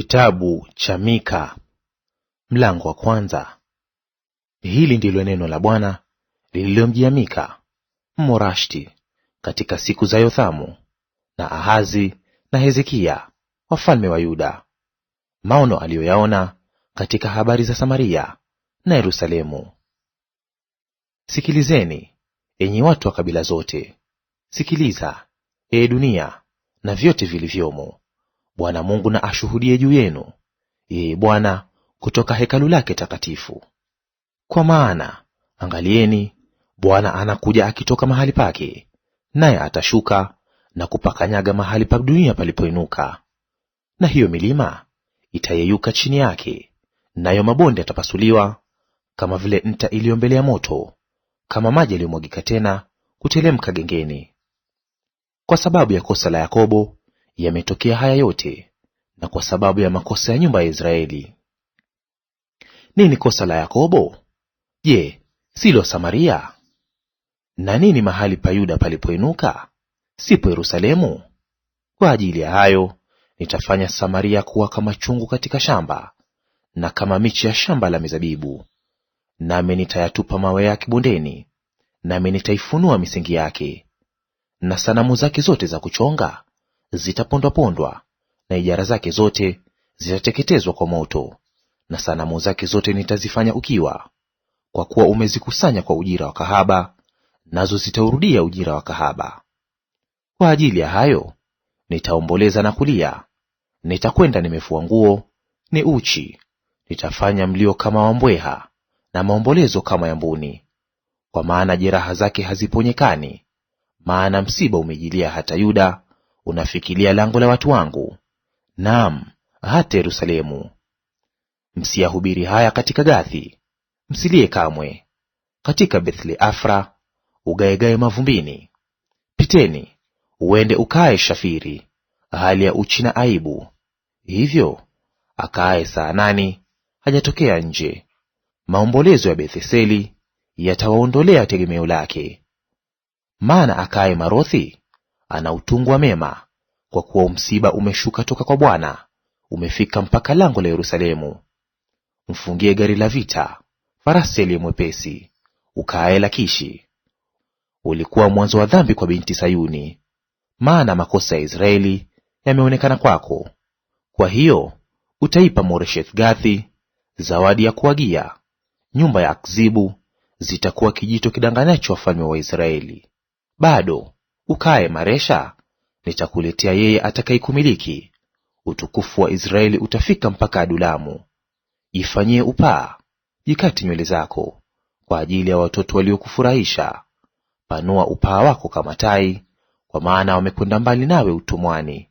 Kitabu cha Mika mlango wa kwanza. Hili ndilo neno la Bwana lililomjia Mika morashti katika siku za Yothamu na Ahazi na Hezekia wafalme wa Yuda, maono aliyoyaona katika habari za Samaria na Yerusalemu. Sikilizeni enyi watu wa kabila zote, sikiliza ee dunia na vyote vilivyomo Bwana Mungu na ashuhudie juu yenu, yeye Bwana kutoka hekalu lake takatifu. Kwa maana angalieni, Bwana anakuja akitoka mahali pake, naye atashuka na kupakanyaga mahali pa dunia palipoinuka. Na hiyo milima itayeyuka chini yake, nayo mabonde yatapasuliwa, kama vile nta iliyo mbele ya moto, kama maji yaliyomwagika tena kutelemka gengeni. Kwa sababu ya kosa la Yakobo yametokea haya yote, na kwa sababu ya makosa ya nyumba ya Israeli. Nini kosa la Yakobo? Je, silo Samaria? Na nini mahali pa Yuda palipoinuka? Sipo Yerusalemu? Kwa ajili ya hayo nitafanya Samaria kuwa kama chungu katika shamba, na kama michi ya shamba la mizabibu. Nami nitayatupa mawe yake bondeni, nami nitaifunua misingi yake, na sanamu zake zote za kuchonga zitapondwapondwa, na ijara zake zote zitateketezwa kwa moto, na sanamu zake zote nitazifanya ukiwa. Kwa kuwa umezikusanya kwa ujira wa kahaba, nazo zitaurudia ujira wa kahaba. Kwa ajili ya hayo nitaomboleza na kulia, nitakwenda nimefua nguo, ni uchi; nitafanya mlio kama wa mbweha, na maombolezo kama ya mbuni. Kwa maana jeraha zake haziponyekani, maana msiba umejilia hata Yuda, unafikilia lango la watu wangu, naam, hata Yerusalemu. Msiyahubiri haya katika Gathi, msilie kamwe; katika Bethli Afra ugaegae mavumbini. Piteni uende ukae Shafiri, hali ya uchi na aibu; hivyo akaaye nani hajatokea nje. Maombolezo ya Betheseli yatawaondolea tegemeo lake. Maana akaaye Marothi anautungwa mema, kwa kuwa msiba umeshuka toka kwa Bwana, umefika mpaka lango la Yerusalemu. Mfungie gari la vita, farasi aliye mwepesi, ukaaye Lakishi. Ulikuwa mwanzo wa dhambi kwa binti Sayuni, maana makosa ya Israeli yameonekana kwako. Kwa hiyo utaipa Moresheth-Gathi zawadi ya kuagia, nyumba ya Akzibu zitakuwa kijito kidanganyacho wafalme wa Israeli. Bado Ukae Maresha, nitakuletea yeye atakayekumiliki. Utukufu wa Israeli utafika mpaka Adulamu. Jifanyie upaa, jikati nywele zako kwa ajili ya watoto waliokufurahisha. Panua upaa wako kama tai, kwa maana wamekwenda mbali nawe utumwani.